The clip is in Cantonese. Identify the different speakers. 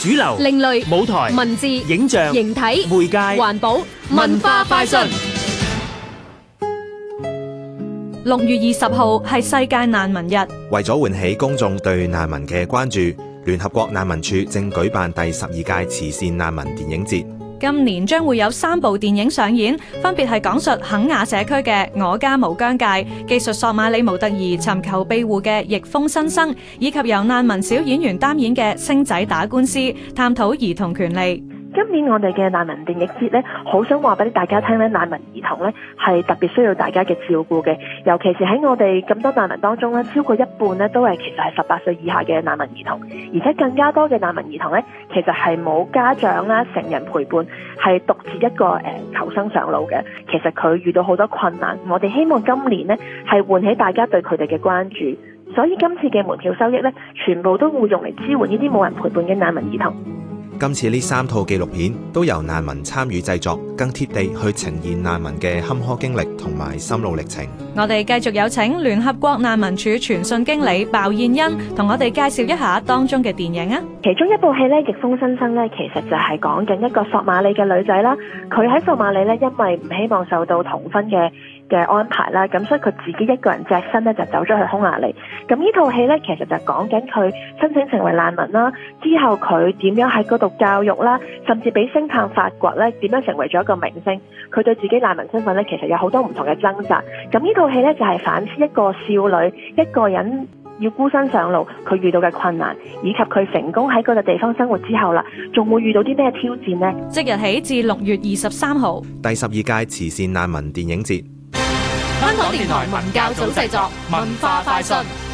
Speaker 1: 主流、另類、舞台、文字、影像、形
Speaker 2: 體、媒介、環保、文化快訊。六月二十號係世界難民日，
Speaker 1: 為咗喚起公眾對難民嘅關注，聯合國難民署正舉辦第十二屆慈善難民電影節。
Speaker 2: 今年將會有三部電影上演，分別係講述肯亞社區嘅我家無疆界、記述索馬里模特兒尋求庇護嘅逆風新生，以及由難民小演員擔演嘅星仔打官司，探討兒童權利。
Speaker 3: 今年我哋嘅難民電影節咧，好想話俾大家聽咧，難民兒童咧係特別需要大家嘅照顧嘅，尤其是喺我哋咁多難民當中咧，超過一半咧都係其實係十八歲以下嘅難民兒童，而且更加多嘅難民兒童咧，其實係冇家長啦、成人陪伴，係獨自一個誒、呃、求生上路嘅，其實佢遇到好多困難，我哋希望今年呢，係喚起大家對佢哋嘅關注，所以今次嘅門票收益咧，全部都會用嚟支援呢啲冇人陪伴嘅難民兒童。
Speaker 1: 今次呢三套紀錄片都由難民參與製作，更貼地去呈現難民嘅坎坷經歷同埋心路歷程。
Speaker 2: 我哋繼續有請聯合國難民署傳訊經理包燕恩，同我哋介紹一下當中嘅電影啊。
Speaker 3: 其中一部戲咧《逆風新生》咧，其實就係講緊一個索馬里嘅女仔啦。佢喺索馬里咧，因為唔希望受到童婚嘅嘅安排啦，咁所以佢自己一個人隻身咧就走咗去匈牙利。咁呢套戲咧，其實就講緊佢申請成為難民啦。之後，佢點樣喺嗰度教育啦，甚至俾星探發掘咧，點樣成為咗一個明星。佢對自己難民身份咧，其實有好多唔同嘅掙扎。咁呢套戲咧，就係反思一個少女一個人要孤身上路，佢遇到嘅困難，以及佢成功喺嗰個地方生活之後啦，仲會遇到啲咩挑戰咧。
Speaker 2: 即日起至六月二十三號，
Speaker 1: 第十二屆慈善難民電影節。香港電台文教組製作，文化快訊。